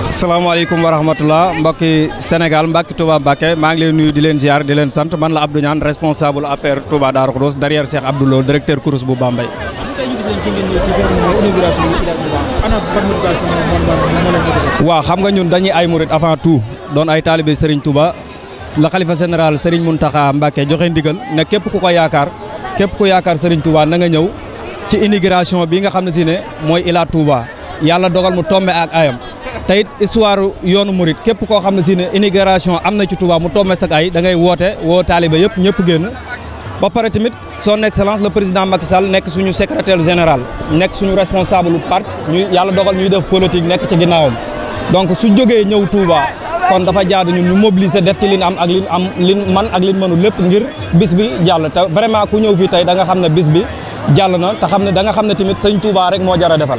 salaamaaleykum wa rahmatulah mbokki Sénégal mbokki Touba Mbacké maa ngi leen nuyu di leen ziar di leen sant man la Abdou Niane responsable APR Touba Darou Khoudoss derrière Cheikh Abdou Lo directeur course bu Bambey. waaw xam nga ñun dañuy ay murit avant tout doon ay taalibe Serigne Touba la xalifa général Serigne taxa Mbacké joxe ndigal ne képp ku ko yaakaar képp ku yaakaar Serigne Touba na nga ñëw ci inauguration bi nga xam ne si ne mooy Ila Touba yàlla dogal mu tombe ak ayam. teyit histoire yoonu murit képp koo xam ne si ne inauguration am na ci Touba mu tombé sak ay da ngay woote woo taaliba yëpp ñëpp génn ba pare tamit son excellence la président Macky Sall nekk suñu secrétaire général nekk suñu responsable parti ñu yàlla dogal ñuy def politique nekk ci ginnaawam donc su jógee ñëw Touba kon dafa jaadu ñun ñu mobiliser def ci li am ak li am li man ak li mënu lépp ngir bis bi jàll te vraiment ku ñëw fii tey da nga xam ne bis bi jàll na te xam ne da nga xam ne tamit sëñ Touba rek moo jar a defal.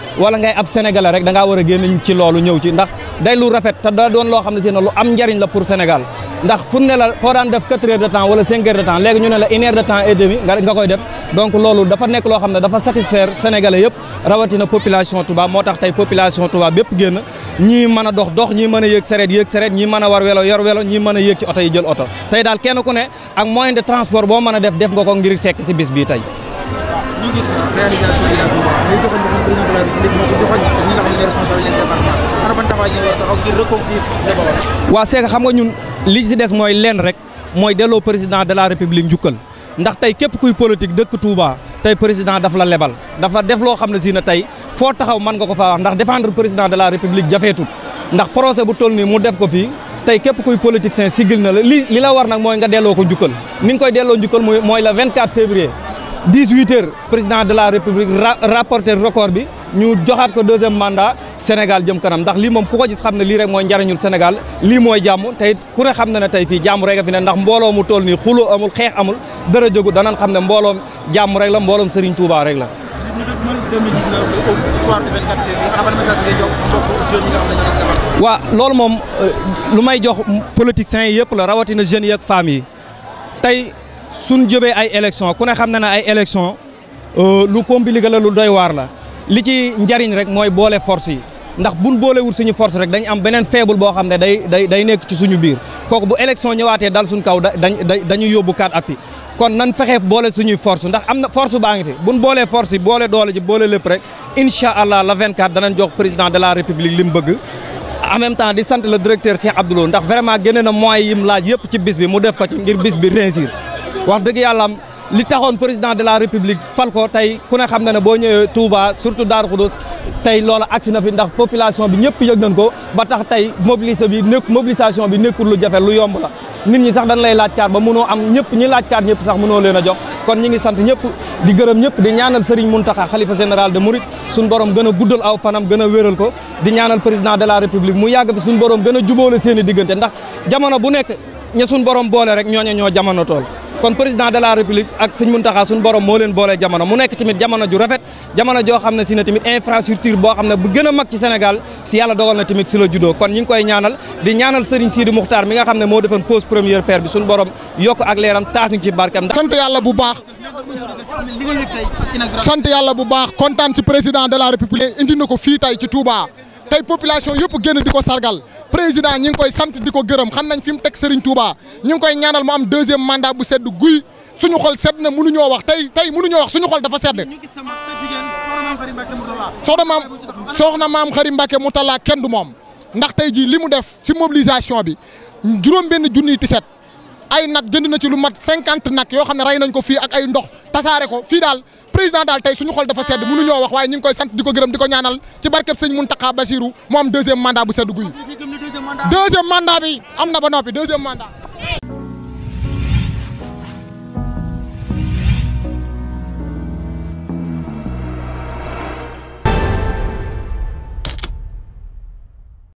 wala ngay ab sénégalais rek da ngaa war a génn ci loolu ñëw ci ndax day lu rafet ta da doon loo xam ne si ne lu am njariñ la pour Sénégal ndax fu ne la def 4 heures de temps wala 5 heures de temps léegi ñu ne la une heure de temps et demi nga koy def donc loolu dafa nekk loo xam ne dafa satisfaire sénégalais yëpp rawatina population Touba moo tax tey population tubaab bépp génn ñii mën a dox dox ñii mën a yéeg sareet yéeg sareet ñii mën a war welo yor welo ñii a yéeg ci oto yi jël tey daal kenn ku ne ak moyen de transport boo mën a def def ko ngir fekk si bis bii tey day joxoñ ko joxoñ ñi nga xam nga ñun li ci des mooy leen rek mooy delloo président de la république njukkal ndax tey képp kuy politique dëkk Touba tey président daf la lebal dafa def loo xam ne si na tey foo taxaw mën nga ko faa wax ndax défendre président de la république jafeetul ndax projet bu toll nii mu def ko fii tey képp kuy politicien sigil na la li li la war nag mooy nga delloo ko njukkal ni nga koy delloo njukkal mooy le 24 février 18 heures président de la république rapporter record bi ñu joxaat ko deuxième mandat Sénégal jëm kanam ndax lii moom ku ko xam ne lii rek mooy njariñul Sénégal lii mooy jàmm tey ku ne xam na ne tey fii jàmm rek a fi ne ndax mbooloo mu toll nii xuloo amul xeex amul dara jógu danañ xam ne mbooloom jàmm rek la mbooloom Serigne Touba rek la. waaw loolu moom euh, lu may jox politiciens yi yëpp la rawatina jeunes yi ak femmes yi suñ jëbee ay élection ku ne xam ne na ay élection euh, lu compliqué la lu doy waar la li ci njariñ rek mooy boole force yi ndax buñ boolewul suñu force rek dañ am beneen faible boo xam ne day day day nekk ci suñu biir kooku bu élection ñëwaatee dal suñ kaw dañu yóbbu kaat appi kon nan fexee boole suñuy force ndax am na force baa ngi fi buñ boolee force yi boole doole ji boole lépp rek incha allah la 24 danañ jox président de la république li mu bëgg en même na moyens yi laaj yëpp ci bis bi mu def ko ci ngir bis wax dëgg yàlla am li taxoon président de la république fal ko tey ku ne xam na ne boo ñëwee Touba surtout Darou Khoudoss tey loola agsi na fi ndax population bi ñëpp yëg nañ ko ba tax tey mobilisation bi nekk mobilisation bi nekkul lu jafe lu yomb la nit ñi sax dan lay laaj kaar ba mënoo am ñëpp ñi laaj kaar ñëpp sax mënoo leen a jox kon ñi ngi sant ñëpp di gërëm ñëpp di ñaanal Serigne Mountakha xalifa général de Mouride suñu borom gën a guddal aw fanam gën a wéral ko di ñaanal président de la république mu yàgg fi suñu borom gën a jubóole seen i diggante ndax bu nekk ña suñu borom boole rek ñooñe ñoo jamono tool kon président de la république ak sëñ Muntaxa suñu borom moo leen boolee jamono mu nekk tamit jamono ju rafet jamono joo xam ne si ne tamit infrastructure boo xam ne bu gën a mag ci Sénégal si yàlla dogal na tamit si la juddoo kon ñu ngi koy ñaanal di ñaanal Serigne Sidi Muxtaar mi nga xam ne moo defoon pose première pierre bi suñu borom yokk ak leeram taas ñu ci barkam sant yàlla bu baax sant yàlla bu baax kontaan ci président de la république indi ko fii tey ci Touba tey population yëpp génn di ko sargal président ñi ngi koy sant di ko gërëm xam nañ fi mu teg Serigne Touba ñu ngi koy ñaanal mu am deuxième mandat bu sedd guy suñu xol sedd na mënuñoo wax tey tey mënuñoo wax suñu xol dafa sedd. soxna maam soxna maam Xari Mbacke mu talaa kenn du moom ndax tey jii li mu def si mobilisation bi juróom benn ti set ay nag jënd na ci lu mat cinquante nag yoo xam ne rey nañ ko fii ak ay ndox tasaare ko fi daal président daal tey suñu xol dafa sedd mënu ñoo wax waaye ñu ngi koy sant di ko gërëm di ko ñaanal ci barkeb sëñ Mountakha Bassirou mu am deuxième mandat bu sedd guy deuxième mandat am na ba noppi deuxième mandat